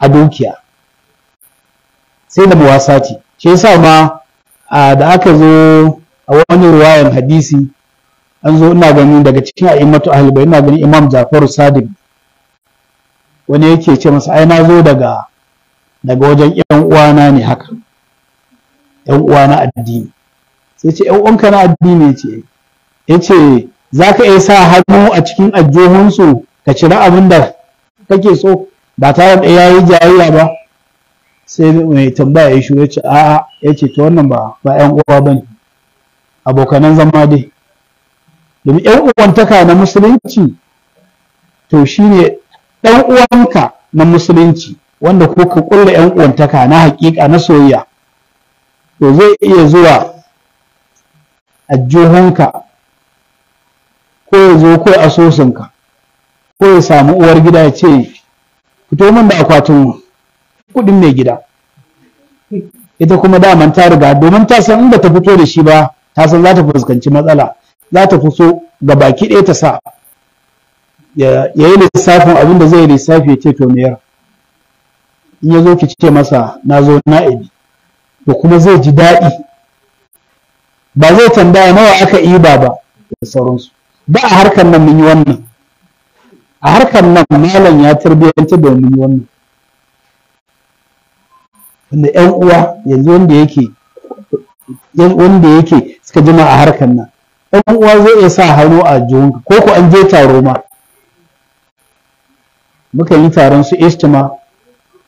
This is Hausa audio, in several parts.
a dukiya sai da buwasa ce shi yasa ma da aka zo a wani ruwayan hadisi an zo ina ganin daga cikin a'immatu ahli bai ina ganin imam jafar sadiq wani yake ce masa ai na zo daga daga wajen yan uwana ne haka yan uwana addini sai ce yan uwanka na addini ce yace zaka iya sa hannu a cikin ajjohunsu ka cira abin da kake so ba tare da ya yi jayayya ba sai mai tambaya ya shiga ce a'a ya ce ta wannan ba ba yan uwa ba ne abokanan zama dai domin yan uwantaka na musulunci to shi ne ɗan uwanka na musulunci wanda ko ka ƙulla yan uwantaka na haƙiƙa na soyayya to zai iya zuwa juhunka ko ya zo ko asusunka ko ya samu uwar gida ce fito min da akwatin kuɗin mai gida ita kuma daman ta riga domin ta san inda ta fito da shi ba ta san za ta fuskanci matsala za ta fi ga baki ɗaya ta sa ya yi lissafin abin da zai lissafi ya ce to mayar in ya ki ce masa na zo na'ibi to kuma zai ji daɗi ba zai tambaya nawa aka iba ba da sauransu ba a harkar nan mun yi wannan a harkar nan malam ya tarbiyyantar da wani wannan wanda yan uwa yanzu wanda yake yan wanda yake suka jima a harkar nan yan uwa zai iya sa hannu a jihunka ko ku an je taro ma muka yi taron su istima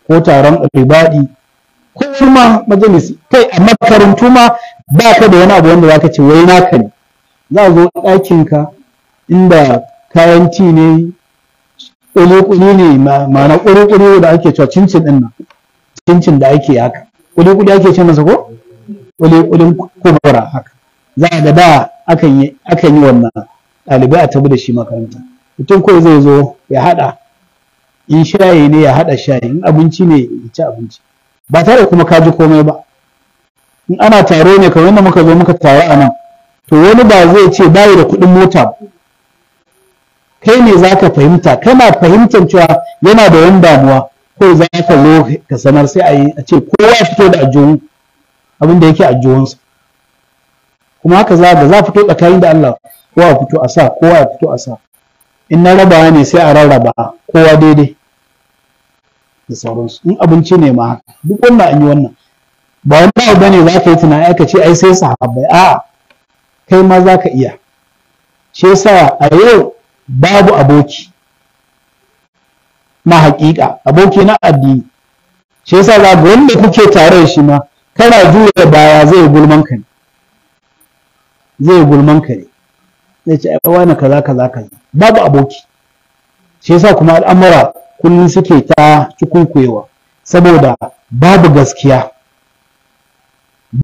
ko taron ribadi ko ma majalisi kai a makarantu ma ba ka da wani abu wanda ka ce wai naka ne za a zo ɗakinka inda kayan ci ne ƙuli-ƙuli ne ma'ana ƙuli-ƙuli da ake cewa cincin ɗin nan cincin da ake haka ƙuli-ƙuli ake ce masa ko ƙuli-ƙulin kubura haka za a ga da akan yi wannan ɗalibai a tabi da shi makaranta mutum kawai zai zo ya haɗa in shayi ne ya haɗa shayi in abinci ne ya ci abinci ba tare kuma ka ji komai ba in ana taro ne kamar yadda muka zo muka taro a nan to wani ba zai ce bayi da kuɗin mota kai ne za ka fahimta kana fahimtar cewa yana da wani damuwa ko za ka zo ka sanar sai a yi a ce kowa ya fito da ajiyoyi abin da yake ajiyoyinsa kuma haka za ga za fito tsakanin da Allah kowa ya fito a sa kowa ya fito a sa in na rabawa ne sai a rarraba kowa daidai da sauransu in abinci ne ma haka duk wannan an yi wannan ba wani abu bane za ka yi tunani aka ce ai sai sahabbai a'a kai ma za ka iya shi yasa a yau babu aboki ma haƙiƙa aboki na addini shi yasa za ga wanda kuke tare da shi ma kana juya baya zai gulman ka ne zai gulman ka ne zai ce ai wani kaza kaza kaza babu aboki shi yasa kuma al'amura kullum suke ta cikunkuyewa saboda babu gaskiya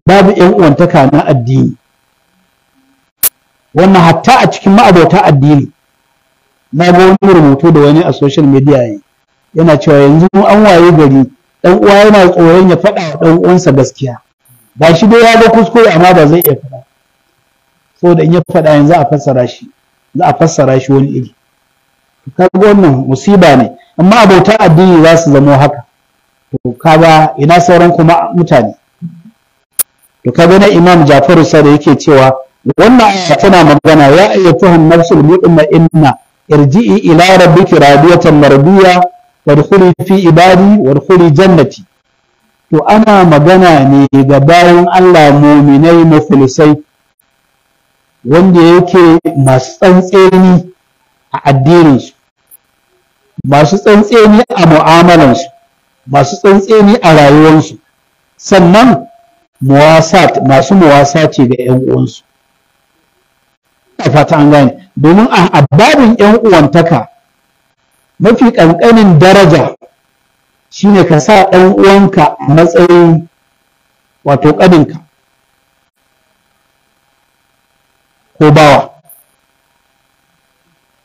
babu 'yan uwantaka na addini wannan hatta a cikin ma'abota addini na ga wani rubutu da wani a social media yi yana cewa yanzu an waye gari dan uwa yana tsoron ya faɗa wa dan uwansa gaskiya ba shi dai ya ga kuskure amma ba zai iya faɗa da in ya faɗa yanzu a fassara shi za a fassara shi wani iri kaga wannan musiba ne amma abota addini za su zamo haka to kaga ina sauran kuma mutane to kaga na imam jafaru sada yake cewa wannan aya tana magana ya ayyatuhan nafsul mutmainna irji'i ila rabbiki radiyatan marbiya wadkhuli fi ibadi wadkhuli jannati to ana magana ne ga bayan Allah muminai mufilisai wanda yake masu tsantseni a addininsu masu tsantseni a mu'amalansu masu tsantseni a rayuwarsu sannan muwasat masu muwasa ce ga 'yan uwansu fata an gane domin a babin yan uwantaka mafi ƙanƙanin daraja shine ka sa ɗan uwanka a matsayin wato ƙaninka ko bawa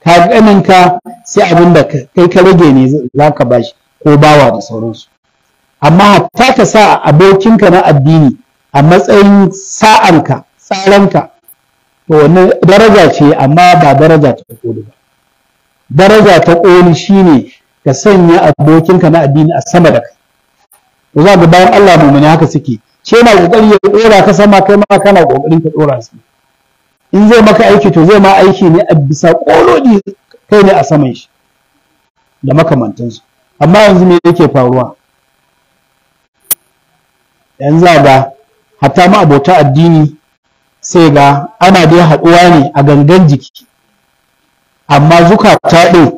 ka ƙaninka sai abin da kai ka rage ne za ka bashi ko bawa da sauransu amma ta ka sa abokinka na addini a matsayin sa'anka tsaranka to daraja ce amma ba daraja ta koli ba daraja ta koli shine ka sanya ka na addini a sama da kai to za ga bayan Allah mu'mini haka suke ce na kokari ya dora ka sama kai ma kana kokarin ka dora su in zai maka aiki to zai ma aiki ne a bisa kolodi kai ne a saman shi da makamantansu amma yanzu me yake faruwa yanzu ga hatta ma abota addini sai ga ana dai haɗuwa ne a gangan jiki amma ta ɗin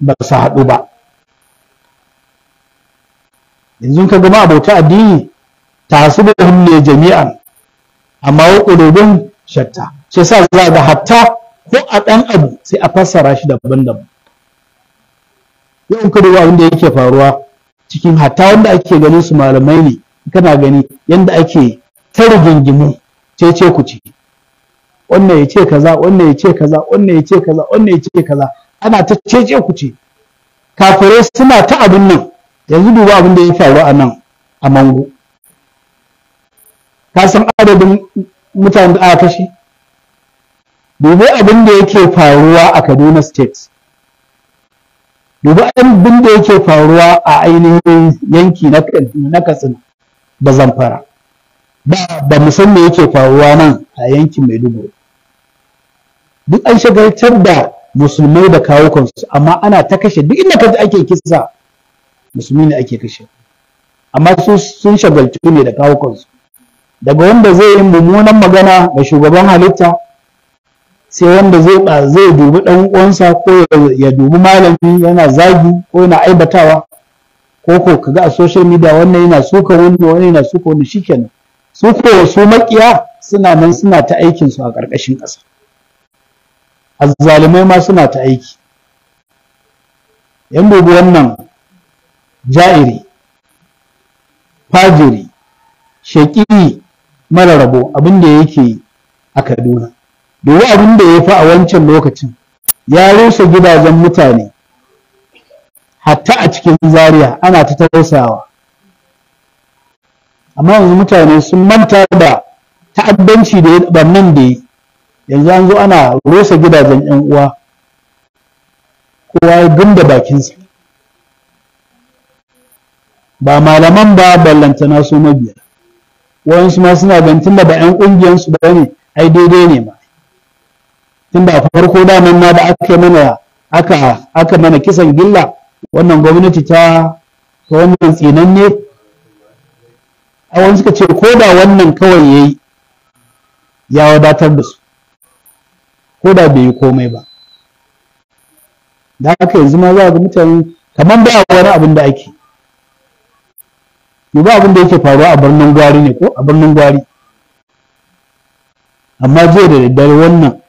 ba su haɗu ba yanzu ka gama abota addini ta tasibuhum ne jami'an amma wa shatta shi sa za ga hatta ko a ɗan abu sai a fassara shi daban-daban yau ka duba abin da yake faruwa cikin hatta wanda ake ganin su malamai ne kana gani yadda ake ta rigingimu ce ce ku ce, wannan ya ce kaza wannan ya ce kaza wannan ya ce kaza wannan ya ce kaza ana ta ce ce ku ce kafirai suna ta abin nan yanzu duba abin da ya faru a nan a mango ka san adadin mutanen da aka kashe dubi abin da yake faruwa a kaduna state dubi abin da yake faruwa a ainihin yanki na katsina Ba zan fara. ba ba mu san me yake faruwa nan a yankin maiduguri duk an shagaltar da musulmai da kawukansu amma ana ta kashe duk inda kaji ake kisa musulmi ne ake kashe amma su sun shagaltu ne da kawukansu daga wanda zai yi mummunan magana ga shugaban halitta sai wanda zai zai dubi dan uwansa ko ya dubi malami yana zagi ko yana aibatawa koko ka ga a social media wannan yana suka wannan wannan yana suka wannan shikenan su ko su makiya suna nan suna ta aikin su a ƙarƙashin ƙasa azzalimai ma suna ta aiki yan dubi wannan ja'iri fajiri shaƙi mara rabo abin da yake a Kaduna. Domin abin da ya fi a wancan lokacin ya rusa gidajen mutane hatta a cikin Zariya ana ta tausayawa amma yanzu mutane sun manta da ta'addanci da ya nan da yi yanzu an zo ana rosa gidajen yan uwa kowa ya gunda bakinsa ba malaman ba ballantana su mabiya wayansu ma suna ganin tunda ba yan ƙungiyarsu ba ne ai daidai ne ma tunda a farko da nan ma da aka mana aka aka mana kisan gilla wannan gwamnati ta wannan tsinanne a wani suka ce ko da wannan kawai ya yi ya wadatar da su ko da bai yi komai ba da haka yanzu ma za ga mutane kamar ba wani abin da ake yi ba abin da yake faruwa a birnin gwari ne ko a birnin gwari amma jiya da daddare wannan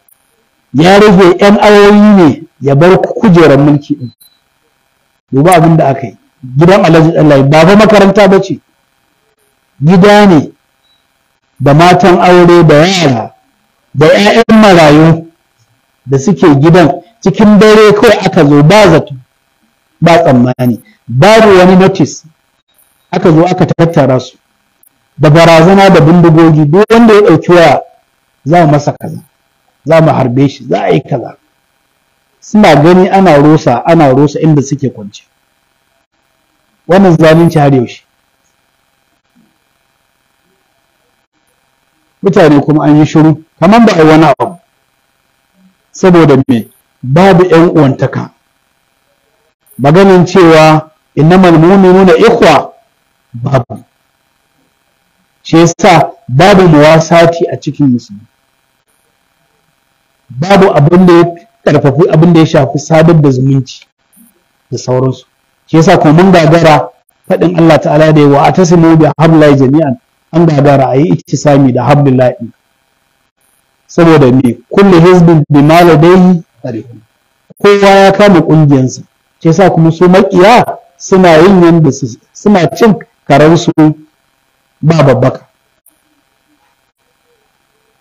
ya rage 'yan awoyi ne ya bar kujerar mulki ɗin duba abin da aka yi gidan alhaji ɗallaye ba fa makaranta ba ce gida ne da matan aure da yara da 'ya'yan marayu da suke gidan cikin dare kawai aka zo ba zato ba tsammani babu wani notice aka zo aka tattara su da barazana da bindigogi duk wanda ya ɗauki waya za mu masa kaza za mu harbe shi za a yi kaza suna gani ana rusa ana rusa inda suke kwance wannan zalunci har yaushe mutane kuma an yi shiru kamar ba a wani abu saboda me babu yan uwantaka maganin cewa innamal mu'minuna ikhwa babu shi yasa babu muwasati a cikin musulmi babu abin da ƙarfafi abin da ya shafi sadar da zumunci da sauransu shi yasa ko mun gagara faɗin Allah ta'ala da yawa a tasimu bi hablai jami'an an gagara a yi sami da hablillahi saboda me kullu hizbin bi ma ladayhi kowa ya kama ƙungiyarsa shi yasa kuma su makiya suna yin yanda suna cin su ba babbaka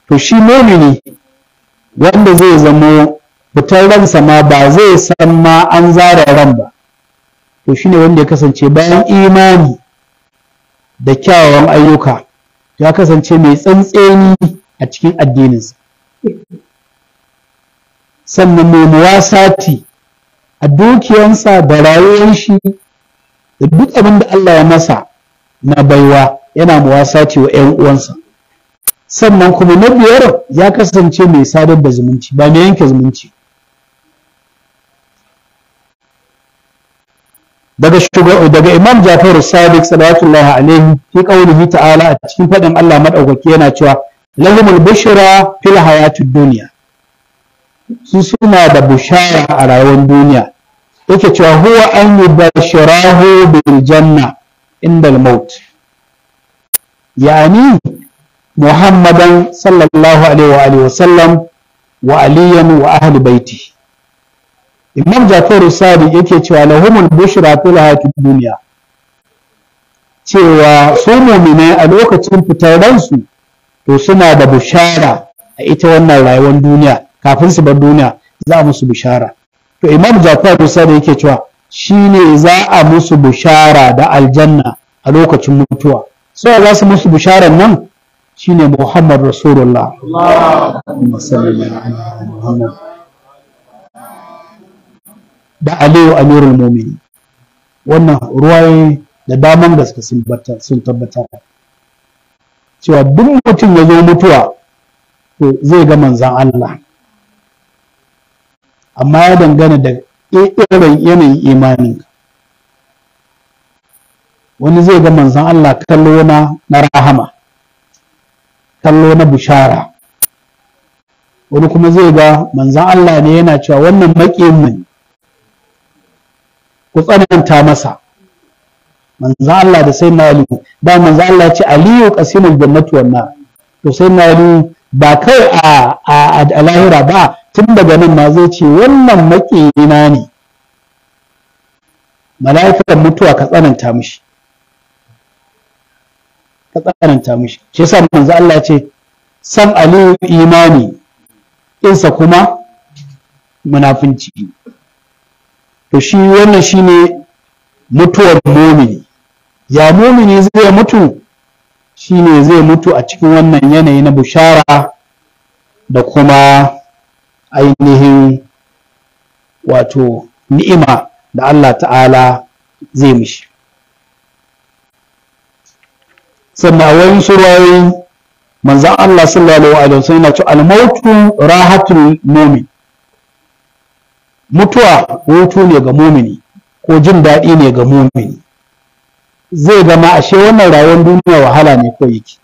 to shi mumini wanda zai zamo fitar ransa ma ba zai san ma an zara ran ba to shine wanda ya kasance bayan imani da kyawawan ayyuka ya kasance mai tsantseni a cikin addininsa sannan mai muwasati a dukiyansa da rayuwar shi da duk abin da Allah ya masa na baiwa yana muwasati wa 'yan uwansa sannan kuma na biyar ya kasance mai sadar da zumunci ba mai yanke zumunci daga daga imam jafar sadiq sallallahu alaihi fi qaulihi ta'ala a cikin fadin Allah madaukaki yana cewa lahumul bushra fil hayatid dunya su suna da bushara a rayuwar duniya yake cewa huwa an yubashirahu bil janna inda al-maut yani muhammadan sallallahu alaihi wa alihi wa sallam wa aliyan wa ahli baiti imam jafaru sadi yake cewa lahumul bushra fil hayatid duniya cewa su mu'minai a lokacin fitar ransu to suna da bushara a ita wannan rayuwar duniya kafin su bar duniya za a musu bushara to imam jafaru sadi yake cewa shine za a musu bushara da aljanna a lokacin mutuwa sai za su musu bisharar nan shine Muhammad Rasulullah. Muhammad da aliyu amirul mumini wannan ruwaye da daman gaske sun tabbatar cewa duk mutum ya zo mutuwa to zai ga manzan Allah amma ya dangana da irin yanayin imanin wani zai ga manzan Allah kallo na na rahama kallo na bushara wani kuma zai ga manzan Allah ne yana cewa wannan maƙimin ku tsananta masa manzo Allah da sayyidina Ali ba manzo Allah ya ce aliyu qasimul jannati wanna. to sayyidina Ali ba kai a a lahira ba tun daga nan ma zai ce wannan makiyina ne mala'ikan mutuwa ka tsananta mishi ka tsananta mishi shi yasa manzo Allah ya ce san aliyu imani insa kuma munafinci to shi wannan shine mutuwar mumini ya mumini zai mutu shine zai mutu a cikin wannan yanayi na bushara da kuma ainihin wato ni'ima da Allah ta'ala zai mishi sannan a wayin surayi manzan Allah sallallahu alaihi wasallam yana ce al-mautu rahatul mumin mutuwa hutu ne ga mumini ko jin daɗi ne ga mumini zai gama ashe wannan rayuwar duniya wahala ne ko yake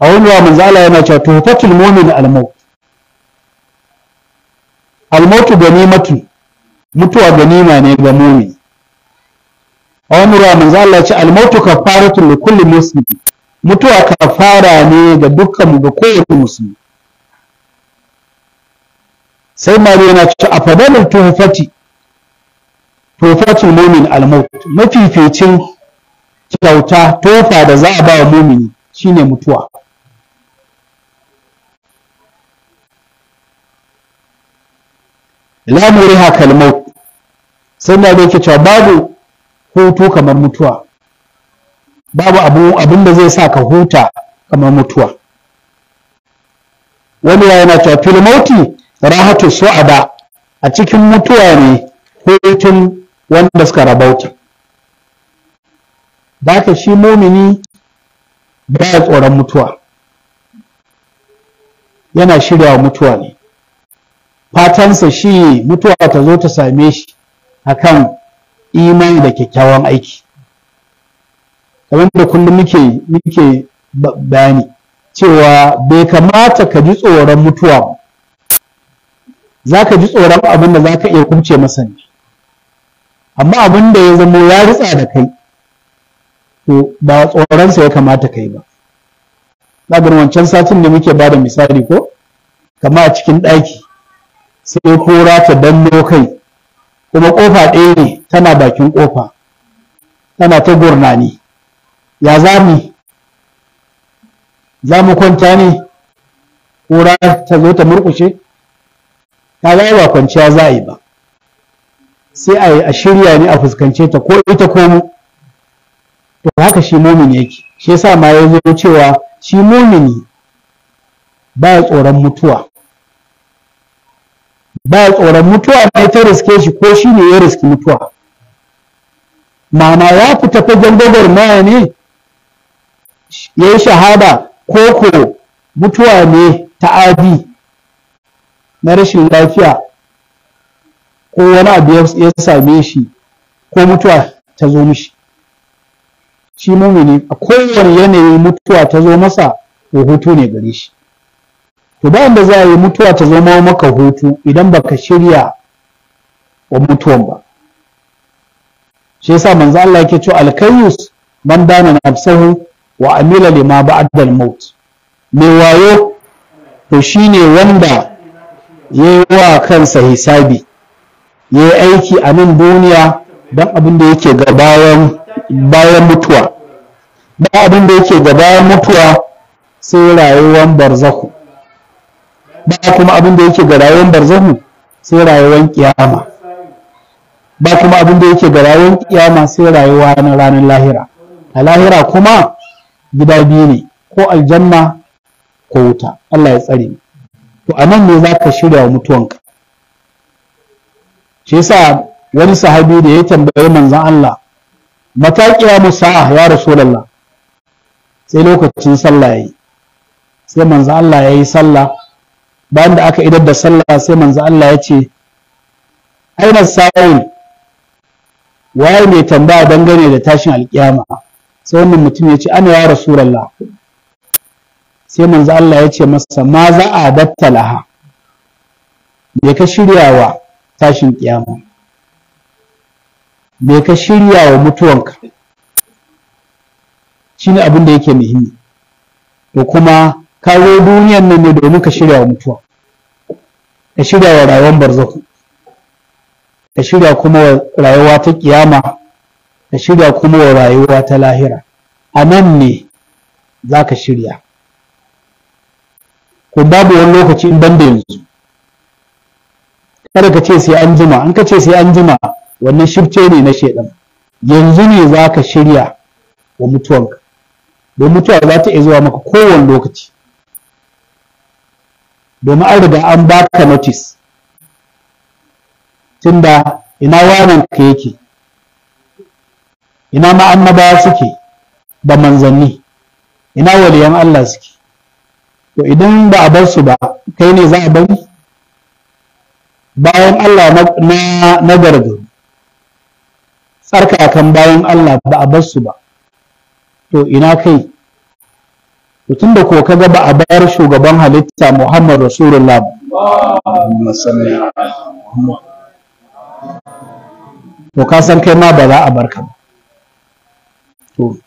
a wani wa manzo Allah yana cewa fatul mu'min al-maut al-maut ganimatu mutuwa ganima ne ga mu'min a wani wa manzo Allah ya ce al-maut kafaratun li kulli muslim mutuwa kafara ne ga dukkan ga kowane musulmi sai mali yana cewa a fadalar tuhufati al mumin mafi mafificin kyauta tofa da za a ba wa mumini shine mutuwa la muriha kalmau sai na da yake cewa babu hutu kamar mutuwa babu abu abin da zai sa ka huta kamar mutuwa wani yana cewa filmoti rahatu su'ada a cikin mutuwa ne ko hutun wanda suka rabauta ka shi mumini ya tsoron mutuwa yana shirya mutuwa ne fatansa shi mutuwa ta zo ta same shi akan imani da kyakkyawan aiki kamar da kullum muke muke bayani cewa bai kamata ka ji tsoron mutuwa ba. za ka ji tsoron abin da za ka iya kumce masa ne amma abin da ya zamo ya ritsa da kai to ba tsoronsa ya kamata kai ba ɗagar wancan satin da muke ba da misali ko kama a cikin ɗaki sai kora ta danno kai kuma ƙofa ɗaya ne tana bakin ƙofa tana ta gurnani ya za mu za mu kwanta ne kora ta zo ta murƙushe ta ba kwanciya za a yi ba sai a shirya ne a fuskance ta ko ita ko mu to haka shi mumin yake shi yasa ma ya zo cewa shi mumini ba tsoron mutuwa ba tsoron mutuwa ne ta riske shi ko shi ne ya riski mutuwa Mama, ya fita fagen gwagwarmaya ne ya yi shahada ko ko mutuwa ne ta adi na rashin lafiya ko wani abu ya same shi ko mutuwa ta zo mishi shi mumini a kowane yanayi mutuwa ta zo masa to hutu ne gare shi to ba da za a yi mutuwa ta zama maka hutu idan baka shirya wa mutuwan ba shi yasa manzo Allah yake cewa alkayyus man dana nafsahu wa amila lima ba'da al-maut mai wayo to shine wanda ya yi wa kansa hisabi ya yi aiki a nan duniya don abin da yake ga bayan mutuwa don abin da yake ga bayan mutuwa sai rayuwar barzahu ba kuma abin da yake ga rayuwar barzahu sai rayuwar kiyama ba kuma abin da yake ga rayuwar kiyama sai rayuwa na ranar lahira a lahira kuma gida biyu ne ko aljanna ko wuta Allah ya tsare mu to a nan ne za ka shirya wa mutuwanka shi yasa wani sahabi da ya tambayi manzon Allah mata qiyamu sa'a ya rasulullah sai lokacin sallah yayi sai manzon Allah yayi sallah bayan da aka idar da sallah sai manzon Allah ya ce aina Sa'ul? waye mai tambaya dangane da tashin alkiyama sai wannan mutum ya ce ana ya rasulullah sai manzo Allah ya ce masa ma za a datta laha me ka shirya wa tashin kiyama me ka shirya wa mutuwanka shine abin da yake muhimmi to kuma kawo duniyan nan ne domin ka shirya wa mutuwa ka shirya wa rayuwar barzaku ka shirya kuma rayuwa ta kiyama ka shirya kuma rayuwa ta lahira a nan ne za ka shirya ko babu wani lokaci in banda yanzu kada ka ce sai an jima an ka ce sai an jima wannan shirce ne na shedan yanzu ne za ka shirya wa mutuwanka don mutuwa za ta iya zuwa maka kowane lokaci domin an riga an baka notice tunda ina wanan ka yake ina ma suke da manzanni ina waliyan Allah suke to idan ba a bar su ba kai ne za a bari bayan Allah na na gargaru tsarkakan bayan Allah ba a bar su ba to ina kai to tunda ko kaga ba a bar shugaban halitta Muhammad Rasulullah to ka san kai ma ba za a barka ba to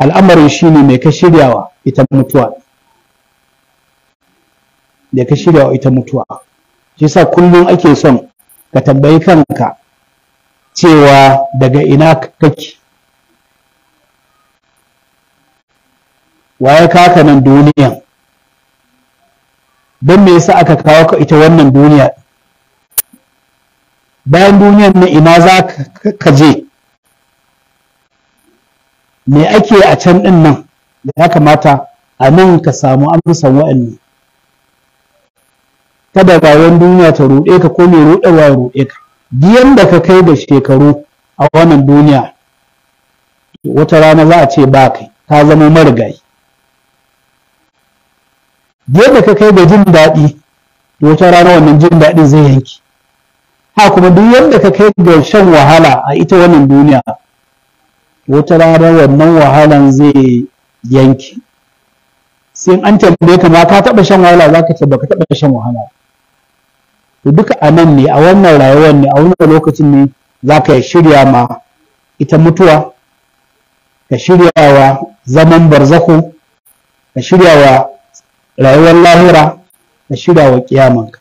al'amarin shi ne mai ka shiryawa ita mutuwa da ka shiryawa ita mutuwa shi sa kullum ake son ka tambayi kanka cewa daga ina kake waye kaka nan duniya don me yasa aka kawo ka ita wannan duniya bayan duniyan na ina za ka je me ake a can ɗin nan da ya kamata a nan ka samu amsan wa'annan kada wani duniya ta ruɗe ka ko mai ruɗewa ya ruɗe ka biyan da ka kai da shekaru a wannan duniya wata rana za a ce ba kai ka zama marigayi biyan da ka kai da jin daɗi wata rana wannan jin daɗin zai yanki ha kuma duk yadda ka kai ga shan wahala a ita wannan duniya wata rana wannan wahalan zai yanke sai an tambaye ka ma ka taɓa shan wahala za ka taba ka taɓa shan wahala to duka a nan ne a wannan rayuwar ne a wannan lokacin ne za ka shirya ma ita mutuwa ka shirya wa zaman barzako ka shirya wa rayuwar lahira ka shirya wa kiyamanka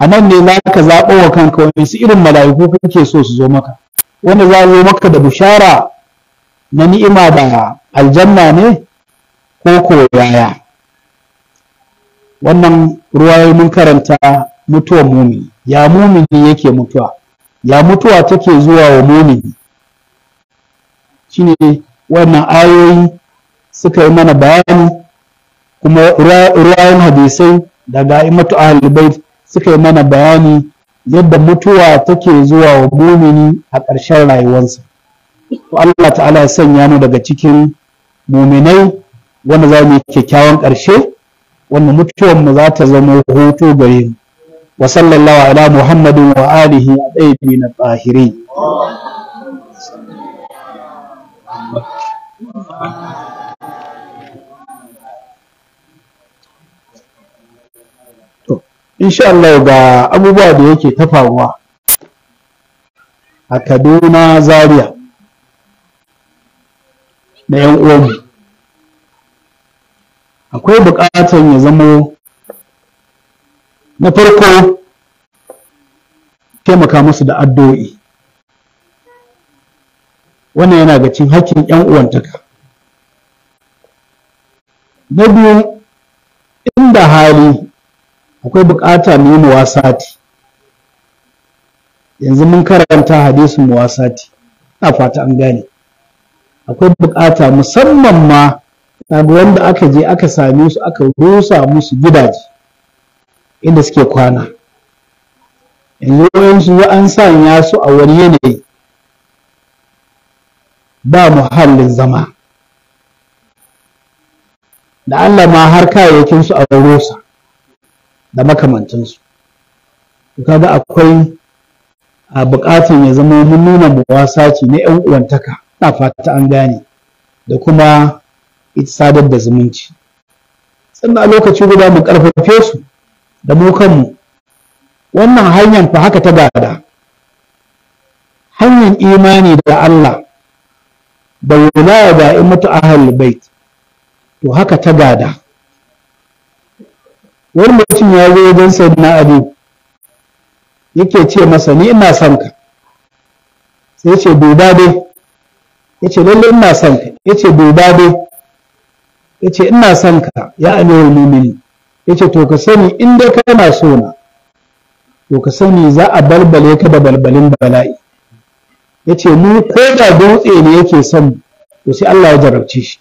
a nan ne za ka zaɓo wa kanka wani su irin mala'iku kake so su zo maka wanda za zo maka da bushara na ni'ima da aljanna ne ko yaya wannan ruwayar mun karanta mutuwa mumini ya mumini yake mutuwa ya mutuwa take zuwa wa mumini shine wannan ayoyi suka yi mana bayani kuma ruwayan hadisai daga imatu ahlul suka yi mana bayani yadda mutuwa take zuwa wa mumini a ƙarshen rayuwarsa Allah ta'ala ya sanya mu daga cikin muminai wanda za mu yi kyakkyawan ƙarshe wanda mutuwan mu za ta zama hoto gare mu wa sallallahu ala muhammadin wa alihi a ɗaya na tsahiri insha Allah ga abubuwa da yake ta faruwa a Kaduna Zaria na yan uwanmu akwai buƙatar ya zamo na farko taimaka musu da addu'o'i wannan yana ga cin hakkin yan uwantaka na biyu inda hali akwai buƙata mu yi muwasati yanzu mun karanta hadisin muwasati ina fata an gane akwai bukata musamman ma kaga wanda aka je aka same su aka rusa musu gidaje inda suke kwana yanzu su an sanya su a wani yanayi ba muhallin zama da Allah ma har su a rusa da makamantansu kaga akwai a bukatan ya zama mun nuna wasa ce na 'yan uwantaka na fata an gane da kuma ita sadar da zumunci sannan a lokaci guda mu karfafe su da mu kanmu wannan hanyar fa haka ta gada hanyar imani da Allah da wulaya da imatu ahlul bait to haka ta gada wani mutum ya zo don na abu yake ce masa ni ina son ka sai ce duba dai ya ce lallai ina son ka ya ce duba dai ya ce ina son ka ya amiru mumini ya ce to ka sani in dai kana so na to ka sani za a balbale ka da balbalin bala'i ya ce mu ko da dutse ne yake son to sai Allah ya jarabce shi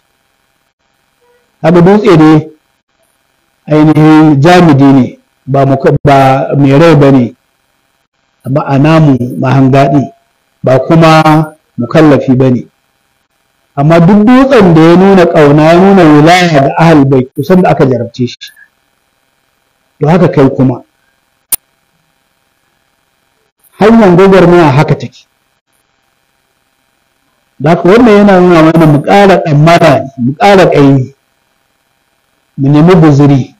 haka dutse ne ainihin jamidi ne ba mai rai ba ne ma'ana mu mahangadi ba kuma mukallafi ba ne amma duk dutsen da ya nuna ƙauna ya nuna wilaya da ahal bai kusan da aka jarabce shi to haka kai kuma hanyar gwagwarmaya haka take da haka wannan yana nuna mana mu ƙara ɗammara mu ƙara ƙaimi mu nemi buziri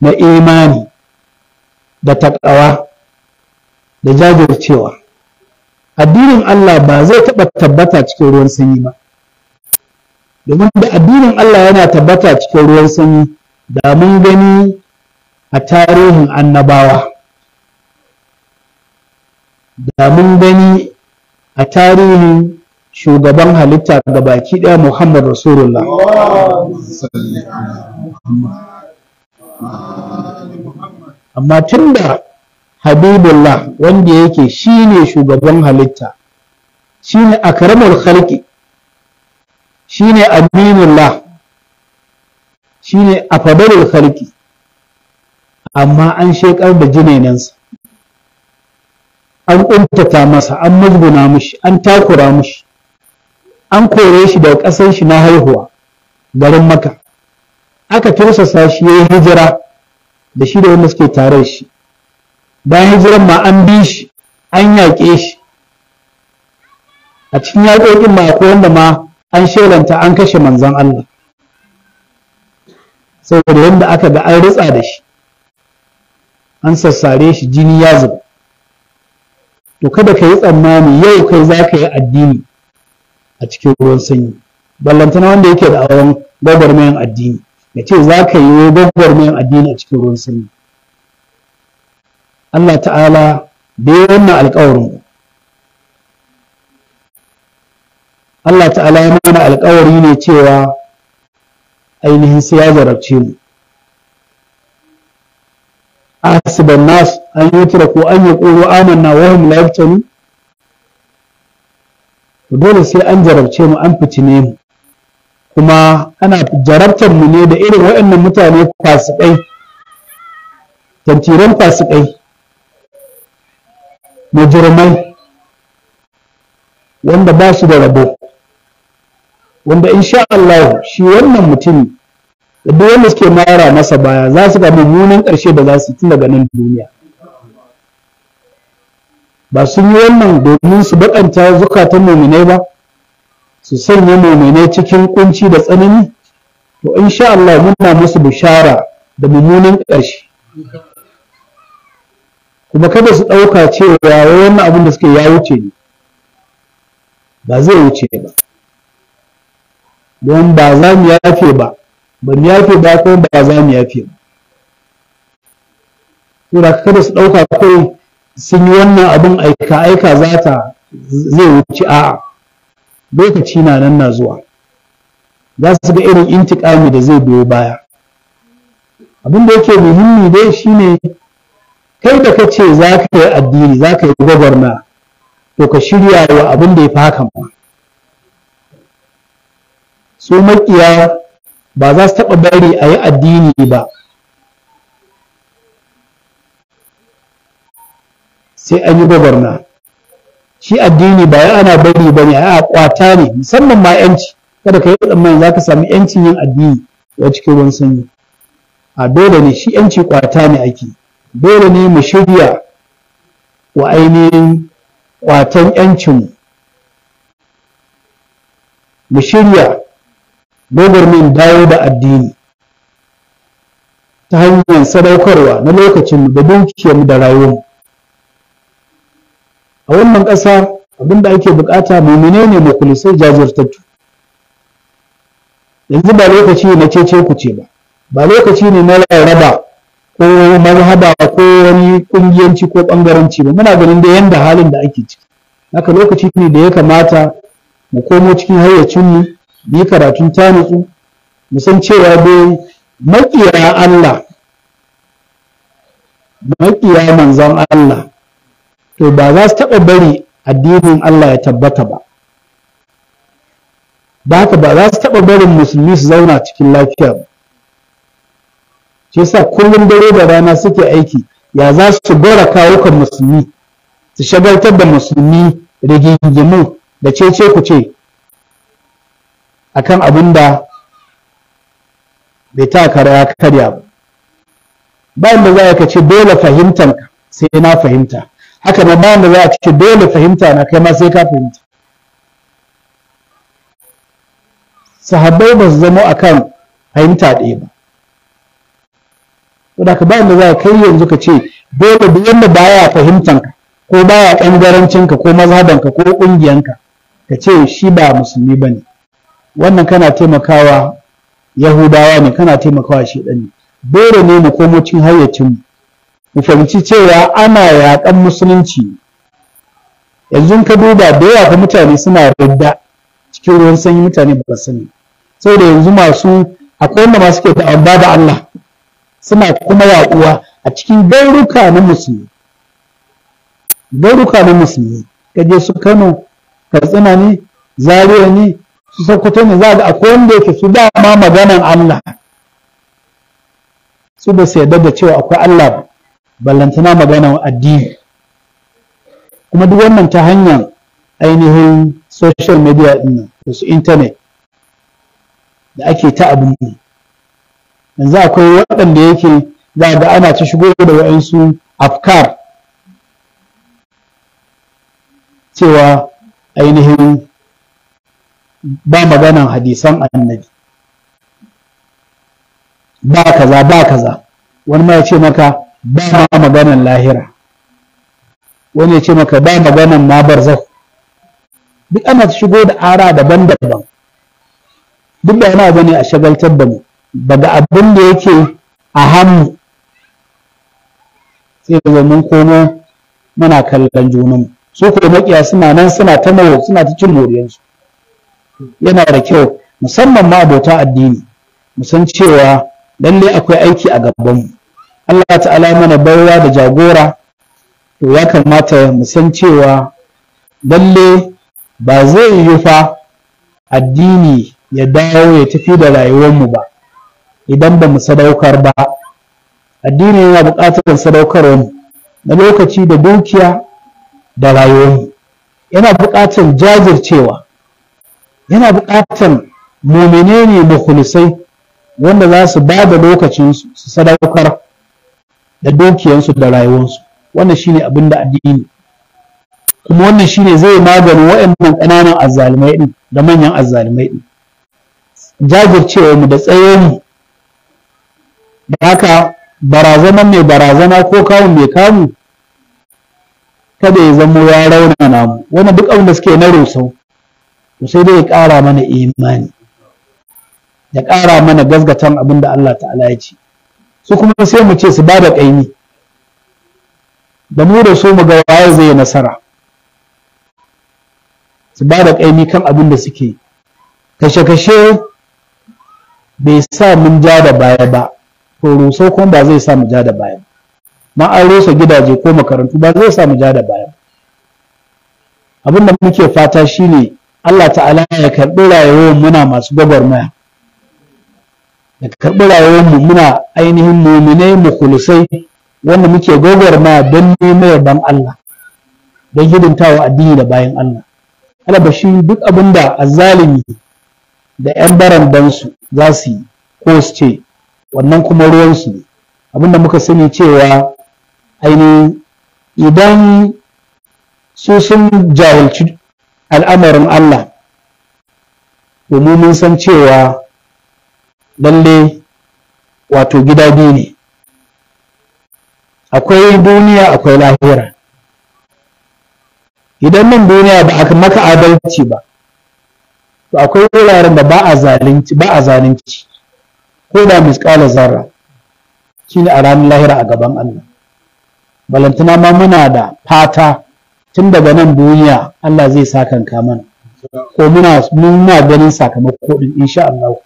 na imani da taƙawa da jajircewa addinin Allah ba zai taɓa tabbata cikin ruwan sanyi ba domin da addinin Allah yana tabbata cikin ruwan sanyi da mun gani a tarihin annabawa da mun gani a tarihin shugaban halitta ga baki ɗaya Muhammad Rasulullah amma tun tunda Habibullah wanda yake shine shugaban halitta shine akramul khalqi shine aminullah shine afadalul khalqi amma an shekar da jinenansa an kuntata masa an mazguna mushi an takura mushi an kore shi daga ƙasar shi na haihuwa garin maka aka tursasa shi ya yi hijira da shi da wanda suke tare shi bayan hijiran ma an bi shi an yaƙe shi a cikin yaƙoƙin ma akwai wanda ma an shelanta an kashe manzan Allah saboda yadda aka ga an ritsa da shi an sassare shi jini ya zuba to kada ka yi tsammani yau kai za ka yi addini a cikin ruwan sanyi ballantana wanda yake da auren gwagwarmayan addini ya ce za ka yi gwagwarmayan addini a cikin ruwan sanyi Allah ta'ala da yi wannan alkawarin Allah ta'ala ya mana ne cewa ainihin sai ya zarabce mu ahsiban nas an yutraku an yaqulu amanna wa hum la dole sai an jarabce mu an fitine mu kuma ana jarabtar mu ne da irin waɗannan mutane fasikai tantiran fasikai majirmai wanda ba su da rabo wanda insha Allah shi wannan mutumi da duk wanda suke mara masa baya za su ga mummunan ƙarshe da za su tun daga nan duniya ba sun yi wannan domin su bakanta zukatan muminai ba su sanya muminai cikin kunci da tsanani to insha Allah muna musu bishara da mummunan ƙarshe kuma kada su ɗauka cewa wannan abin da suke ya wuce ne ba zai wuce ba don ba za mu yafe ba ba mu yafe ba ko ba za mu yafe ba saboda kada su ɗauka kawai sun yi wannan abin aika aika za ta zai wuce a'a lokaci na nan na zuwa za su ga irin intikami da zai biyo baya abin da yake muhimmi dai shine kai da ka ce za ka yi addini za ka yi gwagwarmaya to ka shirya wa abin da ya fi hakan ma su makiya ba za su taɓa bari a yi addini ba sai an yi gwagwarna shi addini ba ya ana bari ba ne a kwata ne musamman ma yanci kada ka yi tsammani za ka sami yancin yin addini a cikin ruwan sanyi a dole ne shi yanci kwata ne ake dole ne mu shirya wa ainihin kwatan yancinmu mu shirya gwagwarmin dawo da addini ta hanyar sadaukarwa na lokacin da dukiyarmu da rayuwar a wannan ƙasa abinda ake bukata mumine ne mukulisai jajirtattu yanzu ba lokaci na cece ku ce ba ba lokaci ne na raba ko mazhaba ko wani kungiyanci ko bangaranci ba muna ganin da yanda halin da ake ciki haka lokaci ne da ya kamata mu komo cikin hayyacinmu Ni karatun ta nutsu mu san cewa dai maƙiya Allah maƙiya manzon Allah to ba za su taɓa bari addinin Allah ya tabbata ba ba haka ba za su taɓa barin musulmi su zauna cikin lafiya ba shi yasa kullum dare da rana suke aiki ya za su gora kawukan musulmi su shagaltar da musulmi rigingimu da cece ku ce akan abin da bai takara ya karya ba bayan da za ka ce dole fahimtanka sai na fahimta haka ba, bayan da za a ce dole fahimta na kai ma sai ka fahimta sahabbai ba su zama akan fahimta ɗaya ba to da ka bayan da za kai yanzu ka ce dole duk wanda baya ka, ko baya ka, ko mazhabanka ko ƙungiyanka ka ce shi ba musulmi ba ne wannan kana taimakawa yahudawa ne kana taimakawa shedani dole ne mu komo cikin hayyacin mu fahimci cewa ana yaƙan musulunci yanzu ka duba da yawa ka mutane suna radda cikin ruwan sanyi mutane ba sani saboda yanzu masu akwai wanda masu ke ta'abba da Allah suna kuma yaƙuwa a cikin gauruka na musulmi gauruka na musulmi kaje su Kano Katsina ne Zaria ne su sokoto ne za ga akwai wanda yake su dama maganan Allah su ba su yarda da cewa akwai Allah ballantana maganan addini kuma duk wannan ta hanyar ainihin social media din da su internet da ake ta abu yanzu akwai waɗanda yake za ga ana ta shigo da wayansu afkar cewa ainihin ba maganan hadisan annabi ba kaza ba kaza wani ma ya ce maka ba maganan lahira wani ya ce maka ba maganan ma barzakh duk ana shigo da ara daban-daban duk da yana gani a shagaltar da mu daga abin da yake a hannu sai da mun komo muna kallon junanmu su kuma makiya suna nan suna ta mawo suna ta cin moriyarsu yana da kyau musamman ma abota addini mu san cewa lalle akwai aiki a gabanmu Allah ta'ala mana baiwa da jagora to ya kamata mu san cewa lalle ba zai yi fa addini ya dawo ya tafi da rayuwarmu ba idan ba mu sadaukar ba addini yana buƙatar sadaukar wani na lokaci da dukiya da rayuwarmu yana buƙatar jajircewa yana buƙatar mumine ne mukhlisai wanda za su ba da lokacinsu su sadaukar da dukiyarsu da rayuwarsu wannan ne abin da addini kuma wannan shi ne zai magani waɗannan ƙananan azzalumai ɗin da manyan azzalumai ɗin jajircewa mu da tsayoyi da haka barazanar mai barazana ko kawun mai kamu kada ya zamo ya raunana namu, wannan duk abin da suke na rusau to sai dai ya ƙara mana imani ya ƙara mana gasgatan abin da Allah ta'ala ya ce su kuma sai mu ce su ba da ƙaimi da mu da su mu ga waye zai nasara su ba da ƙaimi kan abin da suke kashe-kashe bai sa mun ja da baya ba to ruso kuma ba zai sa mu ja da baya ma an rusa gidaje ko makarantu ba zai sa mu ja da baya abin da muke fata shine Allah ta'ala ya karɓi rayuwar muna masu gwagwarmaya ya karɓi rayuwar mu muna ainihin muminai mukulisai wanda muke gwagwarmaya don neman ban Allah don hidimtawa addini da bayan Allah shi duk abin da azzalimi da 'yan barandansu za su yi ko su ce wannan kuma ruwansu ne abinda muka sani cewa ainihin idan su sun jahilci al'amarin Allah domin mun san cewa lalle wato gida biyu ne akwai duniya akwai lahira idan nan duniya ba a maka adalci ba to akwai wuraren da ba a zalunci ba a zalunci ko da misƙala zarra shine a ranar lahira a gaban Allah balantana ma muna da fata tun daga nan duniya Allah zai sa sakanka mana ko muna muna ganin sakamako din insha Allah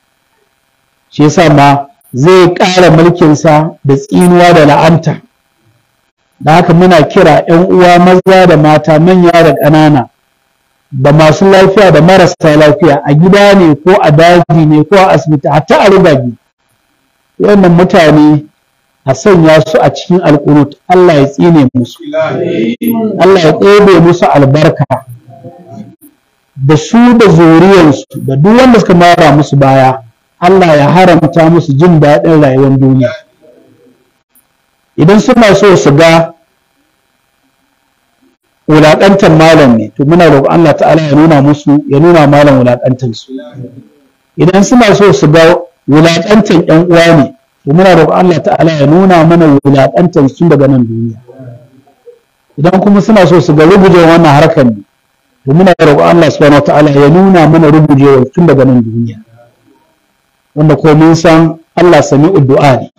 shi yasa ma zai ƙara mulkin sa da tsinuwa da la'anta da haka muna kira 'yan uwa maza da mata manya da ƙanana da masu lafiya da marasa lafiya a gida ne ko a daji ne ko a asibiti hatta a rubagi wannan mutane a sanya su a cikin alƙunut Allah ya tsine musu Allah ya ɗebe musu albarka da su da zuriyarsu da duk wanda suka mara musu baya Allah ya haramta musu jin daɗin rayuwar duniya idan suna so su ga wulaƙantar malam ne to muna roƙon Allah ta'ala ya nuna musu ya nuna malam wulaƙantar su idan suna so su ga wulaƙantar ƴan uwa ne muna roƙon Allah ta'ala ya nuna mana wulaƙantar su daga nan duniya idan kuma suna so su ga rubuje wannan harkar ne to muna roƙon Allah subhanahu ta'ala ya nuna mana rubujewar tun daga nan duniya wanda ko mun san Allah sami addu'a ne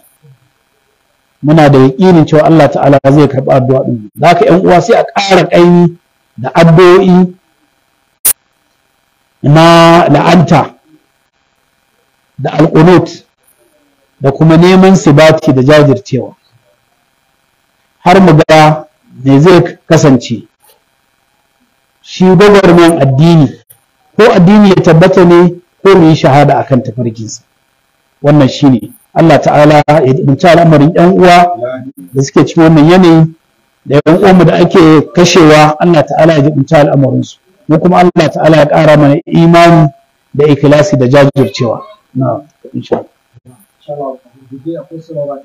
muna da yaƙinin cewa Allah ta'ala zai karɓi addu'a din da haka ƴan uwa sai a ƙara ƙaimi da addu'o'i na la'anta da alqunut da kuma neman sibati da jajircewa har mu ga zai kasance shi gwagwarmayan addini ko addini ya tabbata ne ko mu yi shahada akan tafarkinsa wannan shine Allah ta'ala ya dinci al'amarin yan uwa da suke cikin wannan yanayi da yan uwanmu da ake kashewa Allah ta'ala ya dinci al'amarin su mu kuma Allah ta'ala ya ƙara mana imani da ikhlasi da jajircewa na'am insha Allah Shalom. Gdzie apostołować